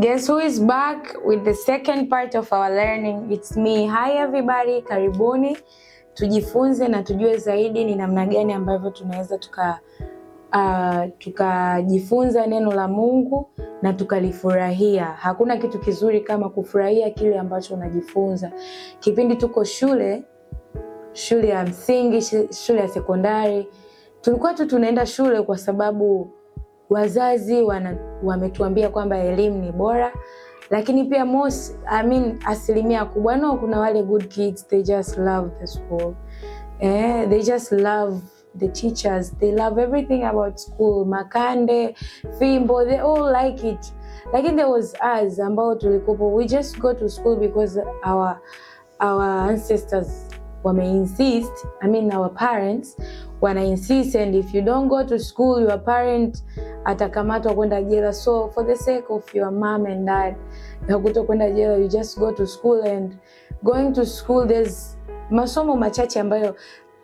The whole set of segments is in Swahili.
Guess who is back with the second part of our learning. It's me. Hi everybody, karibuni tujifunze na tujue zaidi ni namna gani ambavyo tunaweza tuka uh, tukajifunza neno la Mungu na tukalifurahia. Hakuna kitu kizuri kama kufurahia kile ambacho unajifunza. Kipindi tuko shule, shule ya msingi, shule ya sekondari, tulikuwa tu tunaenda shule kwa sababu Wazazi wana, wametuambia kwamba elimu ni bora, lakini pia most, I mean, asilimia kubwa no, kuna wale good kids they just love the school eh, they just love the teachers they love everything about school, makande fimbo they all like it, lakini there was us ambao tulikupo we just go to school because our, our ancestors wameinsist I mean our parents wana insist and if you don't go to school your parent atakamatwa kwenda jela. So for the sake of your mom and dad na kuto kwenda jela, you just go to school and going to school there's masomo machache ambayo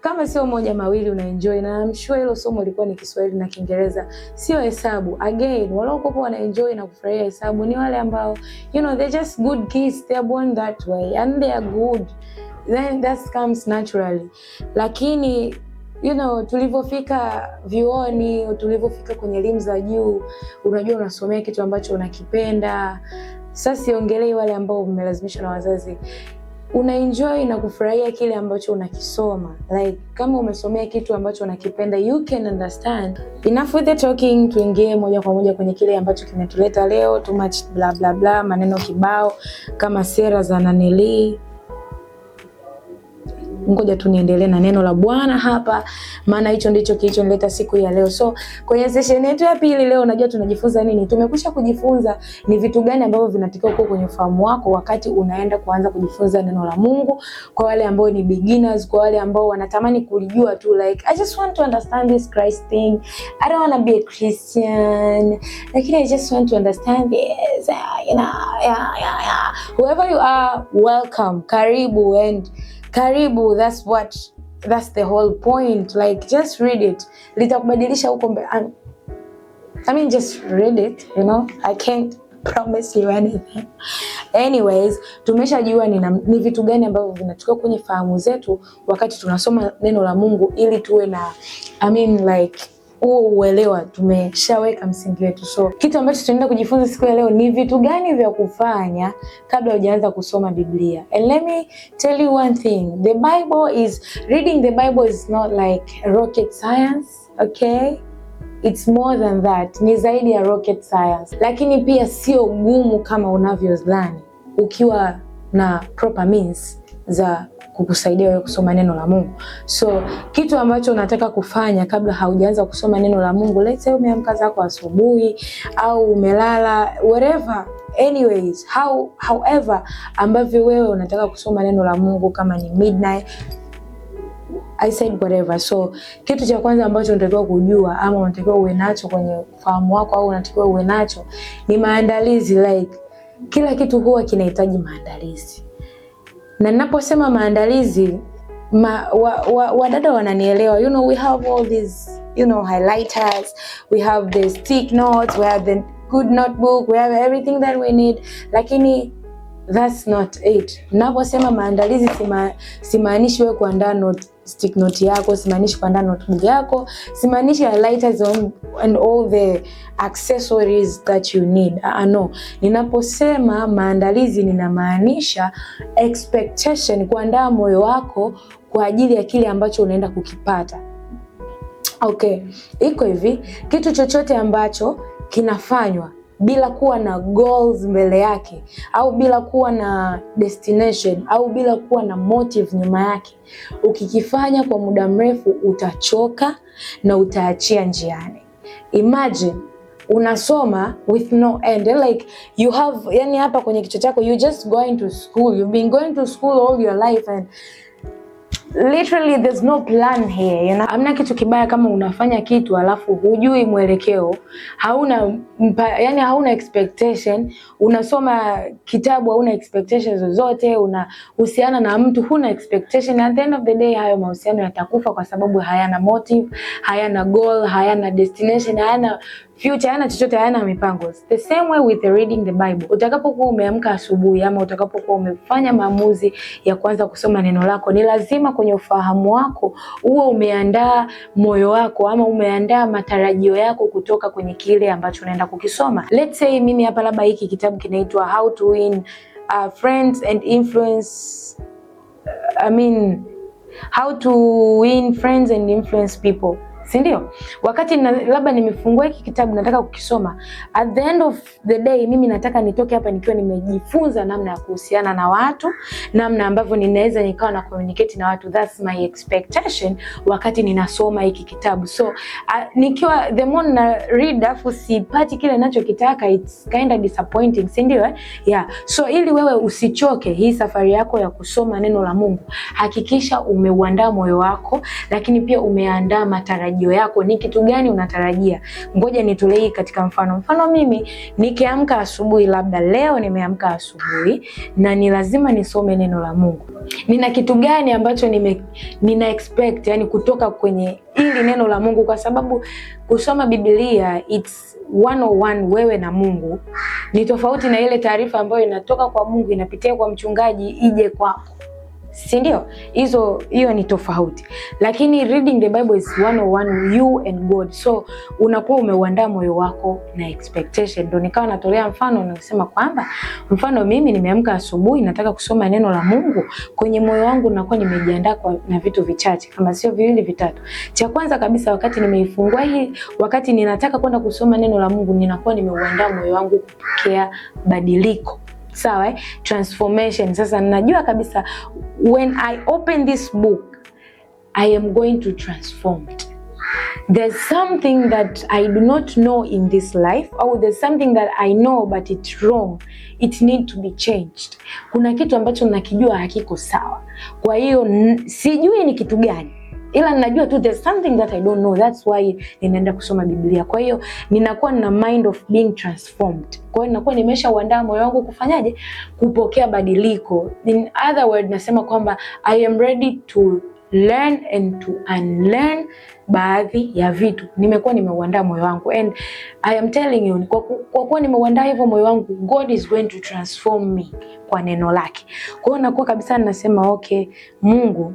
kama sio moja mawili una enjoy, na I'm sure hilo somo lilikuwa ni Kiswahili na Kiingereza, sio hesabu. Again, waliokuwa wana enjoy na kufurahia hesabu ni wale ambao you know they're just good kids, they're born that way and they are good, then that comes naturally, lakini you know, tulivyofika vyuoni, tulivyofika kwenye elimu za juu, unajua unasomea kitu ambacho unakipenda. Sasa siongelei wale ambao umelazimishwa na wazazi unaenjoy na kufurahia kile ambacho unakisoma. Like kama umesomea kitu ambacho unakipenda, you can understand. Enough with the talking, tuingie moja kwa moja kwenye kile ambacho kimetuleta leo. Too much bla bla bla, maneno kibao kama sera za naneli ngoja tu niendelee na neno la Bwana hapa, maana hicho ndicho kilichonileta siku ya leo. So kwenye session yetu ya pili leo, unajua tunajifunza nini? Tumekwisha kujifunza ni vitu gani ambavyo vinatakiwa kuwa kwenye ufahamu wako wakati unaenda kuanza kujifunza neno la Mungu, kwa wale ambao ni beginners, kwa wale ambao wanatamani kulijua tu like I just want to understand this Christ thing. I don't want to be a Christian. Lakini I just want to understand this. You know, yeah, yeah, yeah. Whoever you are, welcome. Karibu and karibu, that's what that's the whole point, like just read it, litakubadilisha huko mbe I mean just read it, you know? I can't promise you anything. Anyways, tumeshajua ni, ni vitu gani ambavyo vinatoka kwenye fahamu zetu wakati tunasoma neno la Mungu ili tuwe na I mean like huo uelewa tumeshaweka msingi wetu. So kitu ambacho tunaenda kujifunza siku ya leo ni vitu gani vya kufanya kabla hujaanza kusoma Biblia. And let me tell you one thing. The Bible is reading the Bible is not like rocket science, okay? It's more than that. Ni zaidi ya rocket science. Lakini pia sio gumu kama unavyodhani ukiwa na proper means za kukusaidia wewe kusoma neno la Mungu. So kitu ambacho unataka kufanya kabla haujaanza kusoma neno la Mungu, let's say umeamka zako asubuhi au umelala wherever anyways how, however ambavyo wewe unataka kusoma neno la Mungu kama ni midnight I said whatever. So kitu cha kwanza ambacho unatakiwa kujua ama unatakiwa uwe nacho kwenye fahamu wako au unatakiwa uwe nacho ni maandalizi like kila kitu huwa kinahitaji maandalizi na ninaposema maandalizi ma, wadada wa, wa wananielewa. You know we have all these you know highlighters, we have the stick notes, we have the good notebook, we have everything that we need, lakini That's not it. Naposema maandalizi sima, simaanishi wewe kuandaa note stick note yako, simaanishi kuandaa notebook yako, simaanishi ya lighters and all the accessories that you need. Uh, no. Ninaposema maandalizi ninamaanisha expectation, kuandaa moyo wako kwa ajili ya kile ambacho unaenda kukipata. Okay. Iko hivi, kitu chochote ambacho kinafanywa bila kuwa na goals mbele yake au bila kuwa na destination au bila kuwa na motive nyuma yake, ukikifanya kwa muda mrefu utachoka na utaachia njiani. Imagine unasoma with no end like you have, yani hapa kwenye kichwa chako you just going to school, you've been going to school all your life and literally there's no plan here you know? Amna kitu kibaya kama unafanya kitu alafu hujui mwelekeo, hauna mpa, yani hauna expectation. Unasoma kitabu hauna expectation zozote, unahusiana na mtu huna expectation. At the end of the day, hayo mahusiano yatakufa kwa sababu hayana motive, hayana goal, hayana destination, hayana future hayana chochote, hayana mipango. The same way with the reading the Bible. Utakapokuwa umeamka asubuhi ama utakapokuwa umefanya maamuzi ya kuanza kusoma neno lako, ni lazima kwenye ufahamu wako uwe umeandaa moyo wako ama umeandaa matarajio yako kutoka kwenye kile ambacho unaenda kukisoma. Let's say mimi hapa labda hiki kitabu kinaitwa How to Win uh, Friends and Influence I mean How to Win Friends and Influence People si ndio? Wakati na, labda nimefungua hiki kitabu nataka kukisoma, at the end of the day mimi nataka nitoke hapa nikiwa nimejifunza namna ya kuhusiana na watu, namna ambavyo ninaweza nikawa na communicate na watu, that's my expectation wakati ninasoma hiki kitabu. So uh, nikiwa the more na read afu sipati kile ninachokitaka, it's kind of disappointing, si ndio eh? Yeah. So ili wewe usichoke hii safari yako ya kusoma neno la Mungu, hakikisha umeuandaa moyo wako, lakini pia umeandaa matarajio matarajio yako, ni kitu gani unatarajia. Ngoja nitolee hii katika mfano. Mfano mimi nikiamka asubuhi, labda leo nimeamka asubuhi na ni lazima nisome neno la Mungu, nina kitu gani ambacho nime, nina expect yani kutoka kwenye hili neno la Mungu, kwa sababu kusoma Biblia it's 101 wewe na Mungu ni tofauti na ile taarifa ambayo inatoka kwa Mungu inapitia kwa mchungaji ije kwako si ndio? Hizo hiyo ni tofauti, lakini reading the Bible is 101 you and God, so unakuwa umeuandaa moyo wako na expectation. Ndio nikawa natolea mfano nikisema kwamba mfano mimi nimeamka asubuhi, nataka kusoma neno la Mungu, kwenye moyo wangu nakuwa nimejiandaa na vitu vichache, kama sio viwili vitatu. Cha kwanza kabisa, wakati nimeifungua hii, wakati ninataka kwenda kusoma neno la Mungu, ninakuwa nimeuandaa moyo wangu kupokea badiliko sawa eh? Transformation. Sasa ninajua kabisa when I open this book I am going to transform it. There's something that I do not know in this life or there's something that I know but it's wrong. It need to be changed. Kuna kitu ambacho nakijua hakiko sawa, kwa hiyo sijui ni kitu gani ila ninajua tu there's something that I don't know, that's why ninaenda kusoma Biblia. Kwa hiyo ninakuwa na mind of being transformed, kwa hiyo ninakuwa nimeshauandaa moyo wangu kufanyaje, kupokea badiliko. In other word, nasema kwamba I am ready to learn and to unlearn baadhi ya vitu. Nimekuwa nimeuandaa moyo wangu and I am telling you, kwa, kwa kuwa nimeuandaa hivyo moyo wangu, God is going to transform me kwa neno lake. Kwa hiyo nakuwa kabisa ninasema okay, Mungu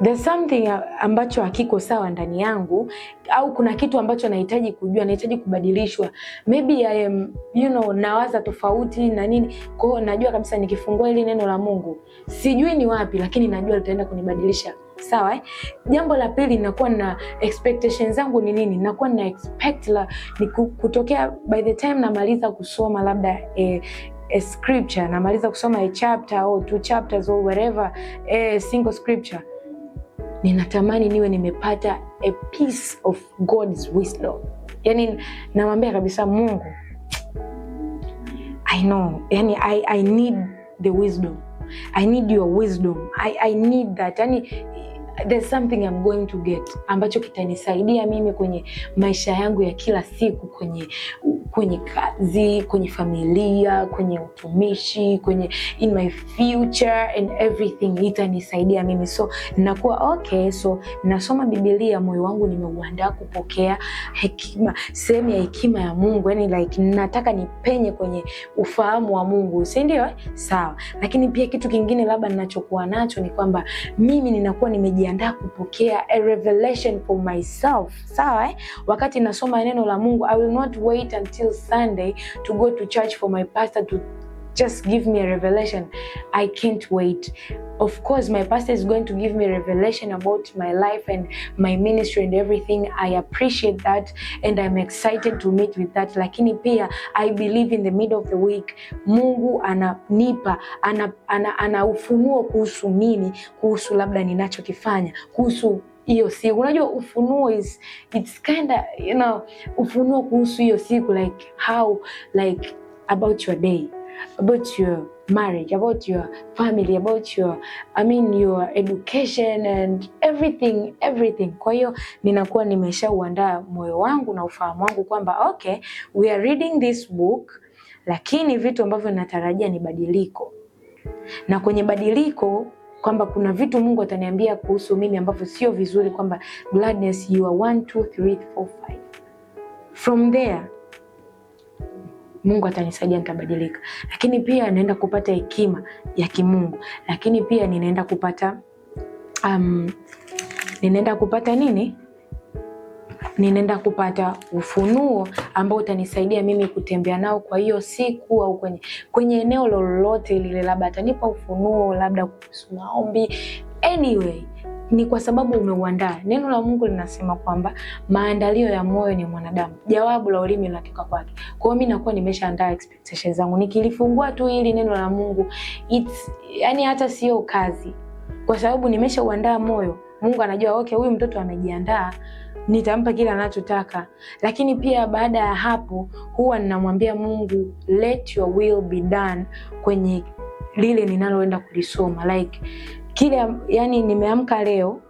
there's something ambacho hakiko sawa ndani yangu, au kuna kitu ambacho nahitaji kujua, nahitaji kubadilishwa. Maybe I am, you know, nawaza tofauti na nini. Kwa hiyo najua kabisa nikifungua hili neno la Mungu, sijui ni wapi, lakini najua litaenda kunibadilisha. Sawa eh? Jambo la pili nakuwa na expectations zangu ni nini? Nakuwa na expect la ni kutokea by the time namaliza kusoma labda eh, A scripture namaliza kusoma a chapter or oh, two chapters or whatever a eh, single scripture ninatamani niwe nimepata a piece of God's wisdom. Yani namwambia kabisa Mungu, I know, yani I, I need the wisdom, I need your wisdom, I, I need that yani There's something I'm going to get ambacho kitanisaidia mimi kwenye maisha yangu ya kila siku, kwenye kwenye kazi, kwenye familia, kwenye utumishi, kwenye in my future and everything itanisaidia mimi. So nakuwa okay, so nasoma Biblia, moyo wangu nimeuandaa kupokea hekima, sehemu ya hekima ya Mungu, yani like nataka nipenye kwenye ufahamu wa Mungu, si ndio? Eh? Sawa. Lakini pia kitu kingine labda ninachokuwa nacho ni kwamba mimi ninakuwa nimejiandaa kupokea a revelation for myself, sawa eh? Wakati nasoma neno la Mungu I will not wait until until Sunday to go to church for my pastor to just give me a revelation. I can't wait. Of course, my pastor is going to give me a revelation about my life and my ministry and everything. I appreciate that and I'm excited to meet with that. Lakini pia I believe in the middle of the week Mungu ananipa ana, ana, ana ufunuo kuhusu mimi, kuhusu labda ninachokifanya, kuhusu hiyo siku. Unajua ufunuo is it's kinda, you know, ufunuo kuhusu hiyo siku like how like about your day about your marriage about your family about your I mean your education and everything everything. Kwa hiyo ninakuwa nimeshauandaa moyo wangu na ufahamu wangu kwamba okay, we are reading this book, lakini vitu ambavyo natarajia ni badiliko, na kwenye badiliko kwamba kuna vitu Mungu ataniambia kuhusu mimi ambavyo sio vizuri, kwamba Gladness you are one, two, three, four, five. From there Mungu atanisaidia nitabadilika, lakini pia naenda kupata hekima ya kimungu, lakini pia ninaenda kupata um, ninaenda kupata nini ninaenda kupata ufunuo ambao utanisaidia mimi kutembea nao kwa hiyo siku, au kwenye kwenye eneo lolote lile, labda atanipa ufunuo, labda kuhusu maombi. Anyway, ni kwa sababu umeuandaa. Neno la Mungu linasema kwamba maandalio ya moyo ni mwanadamu, jawabu la ulimi unatoka kwake. Kwa hiyo mimi nakuwa nimeshaandaa expectations zangu, nikilifungua tu hili neno la Mungu it's, yani hata sio kazi, kwa sababu nimeshauandaa moyo. Mungu anajua okay, huyu mtoto amejiandaa nitampa kile anachotaka, lakini pia baada ya hapo huwa ninamwambia Mungu, let your will be done kwenye lile ninaloenda kulisoma, like kile yani, nimeamka leo,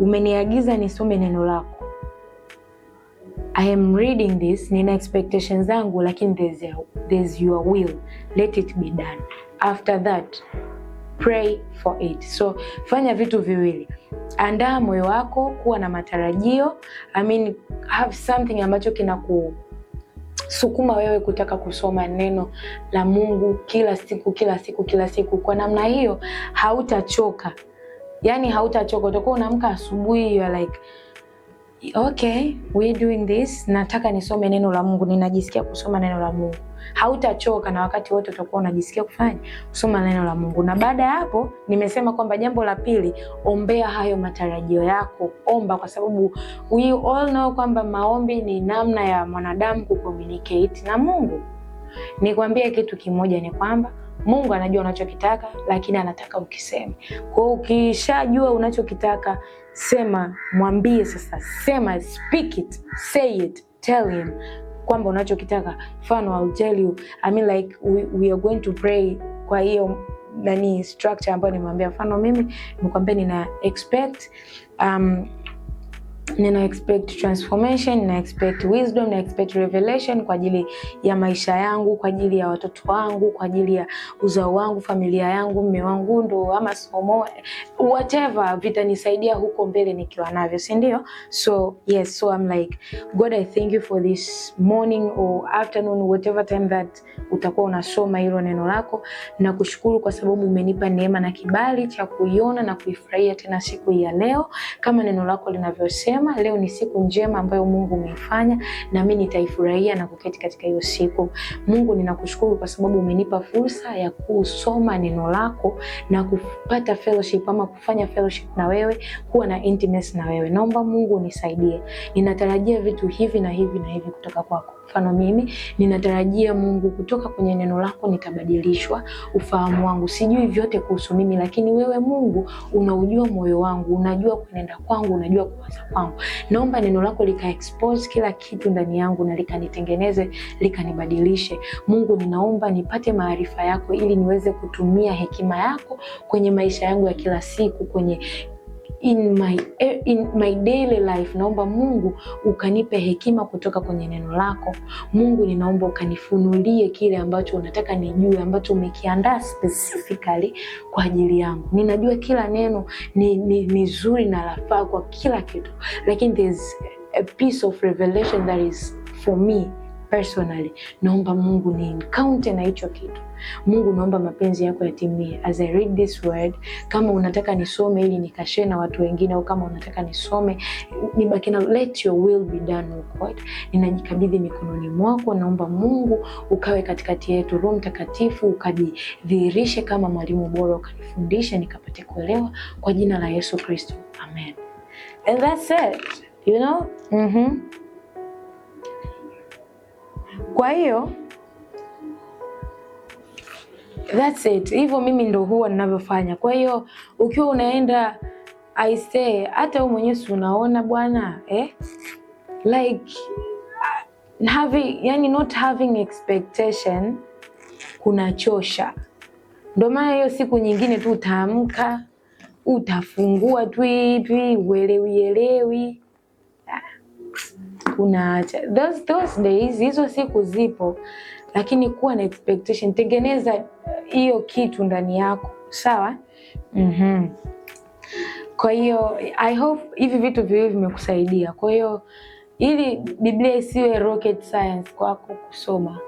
umeniagiza nisome neno lako, I am reading this, nina expectations zangu, lakini there's your will, let it be done after that pray for it. So fanya vitu viwili, andaa moyo wako kuwa na matarajio I mean, have something ambacho kinaku sukuma wewe kutaka kusoma neno la Mungu kila siku kila siku kila siku. Kwa namna hiyo hautachoka, yani hautachoka, utakuwa unaamka asubuhi are like okay, we doing this, nataka nisome neno la Mungu, ninajisikia kusoma neno la Mungu. Hautachoka na wakati wote utakuwa unajisikia kufanya kusoma neno la Mungu. Na baada ya hapo, nimesema kwamba jambo la pili, ombea hayo matarajio yako. Omba, kwa sababu we all know kwamba maombi ni namna ya mwanadamu kucommunicate na Mungu. Nikwambie kitu kimoja, ni kwamba Mungu anajua unachokitaka, lakini anataka ukiseme. Kwa hiyo ukishajua unachokitaka, sema, mwambie sasa, sema, speak it, say it, tell him kwamba unachokitaka. Mfano, I'll tell you, I mean like we, we are going to pray kwa hiyo nani structure ambayo nimwambia. Mfano mimi nimekwambia nina expect um, nina expect transformation, nina expect wisdom, nina expect revelation kwa ajili ya maisha yangu, kwa ajili ya watoto wangu, kwa ajili ya uzao wangu, familia yangu, mume wangu, ndo ama somo whatever vitanisaidia huko mbele nikiwa navyo, si ndio? So yes, so I'm like God, I thank you for this morning or afternoon, whatever time that utakuwa unasoma hilo neno lako, na kushukuru kwa sababu umenipa neema na kibali cha kuiona na kuifurahia tena siku ya leo kama neno lako linavyosema njema. Leo ni siku njema ambayo Mungu umeifanya, na mi nitaifurahia na kuketi katika hiyo siku. Mungu, ninakushukuru kwa sababu umenipa fursa ya kusoma neno lako na kupata fellowship ama kufanya fellowship na wewe, kuwa na intimacy na wewe. Naomba Mungu unisaidie, ninatarajia vitu hivi na hivi na hivi kutoka kwako mfano mimi ninatarajia Mungu, kutoka kwenye neno lako nitabadilishwa, ufahamu wangu, sijui vyote kuhusu mimi, lakini wewe Mungu unaujua moyo wangu, unajua kunenda kwangu, unajua kuwaza kwangu. Naomba neno lako lika expose kila kitu ndani yangu na likanitengeneze, likanibadilishe. Mungu, ninaomba nipate maarifa yako ili niweze kutumia hekima yako kwenye maisha yangu ya kila siku kwenye in my, eh, in my daily life. Naomba Mungu ukanipe hekima kutoka kwenye neno lako Mungu, ninaomba ukanifunulie kile ambacho unataka nijue, ambacho umekiandaa specifically kwa ajili yangu. Ninajua kila neno ni, ni, ni zuri na lafaa kwa kila kitu, lakini there's a piece of revelation that is for me personally, naomba Mungu ni encounter na hicho kitu. Mungu, naomba mapenzi yako yatimie. As I read this word, kama unataka nisome ili nikashee na watu wengine, au kama unataka nisome nibaki na let your will be done, O Ninajikabidhi mikononi mwako, naomba Mungu ukawe katikati yetu, Roho Mtakatifu ukajidhihirishe kama mwalimu bora, ukanifundisha nikapate kuelewa, kwa jina la Yesu Kristo, amen. And that's it, you know? mm-hmm. Kwa hiyo that's it, hivyo mimi ndo huwa ninavyofanya. Kwa hiyo ukiwa unaenda I say, hata wewe mwenyewe si unaona bwana eh? like having, yani not having expectation kunachosha. Ndio maana hiyo siku nyingine tu utaamka utafungua tu hivi uelewi elewi unaacha. Those, those days hizo siku zipo, lakini kuwa na expectation, tengeneza hiyo kitu ndani yako, sawa? mm -hmm. Kwa hiyo I hope hivi vitu viwili vimekusaidia. Kwa hiyo ili Biblia isiwe rocket science kwako kusoma,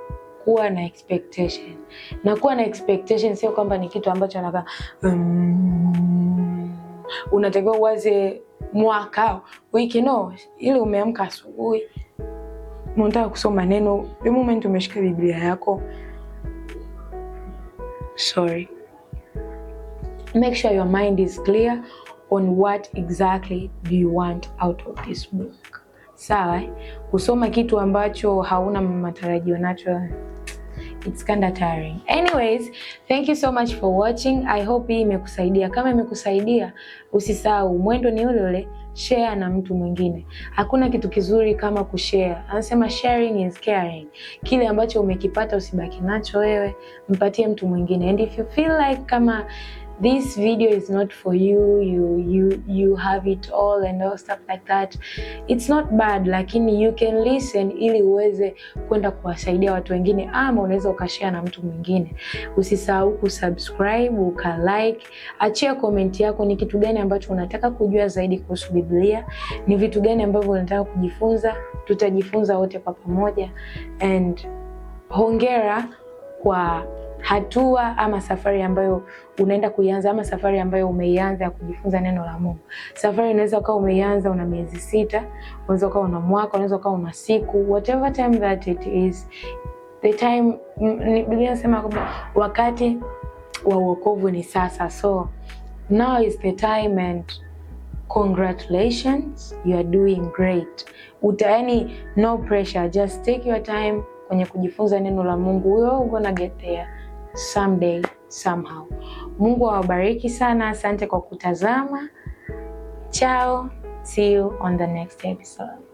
kuwa na expectation, na kuwa na expectation sio kwamba ni kitu ambacho anakaa um, mm, unatakiwa uwaze mwaka wiki no, ili umeamka asubuhi unataka kusoma neno, the moment umeshika Biblia yako, sorry, make sure your mind is clear on what exactly do you want out of this book. Sawa, eh? kusoma kitu ambacho hauna matarajio nacho it's kinda tiring. Anyways, thank you so much for watching. I hope hii imekusaidia. Kama imekusaidia, usisahau mwendo ni ule ule, share na mtu mwingine. Hakuna kitu kizuri kama kushare. Anasema sharing is caring. Kile ambacho umekipata usibaki nacho wewe, mpatie mtu mwingine. And if you feel like kama this video is not for you you you you have it all and all stuff like that it's not bad, lakini you can listen ili uweze kwenda kuwasaidia watu wengine, ama unaweza ukashare na mtu mwingine. Usisahau kusubscribe, ukalike, achia komenti yako, ni kitu gani ambacho unataka kujua zaidi kuhusu Biblia, ni vitu gani ambavyo unataka kujifunza. Tutajifunza wote kwa pamoja, and hongera kwa hatua ama safari ambayo unaenda kuianza ama safari ambayo umeianza ya kujifunza neno la Mungu. Safari inaweza ukawa umeianza una miezi sita, unaweza ukawa una mwaka, unaweza ukawa una siku, whatever time that it is. The time Biblia inasema kwamba wakati wa uokovu ni sasa, so now is the time and congratulations you are doing great. Uta, yani, no pressure, just take your time kwenye kujifunza neno la Mungu. We all gonna get there someday somehow. Mungu awabariki sana, asante kwa kutazama. Chao, see you on the next episode.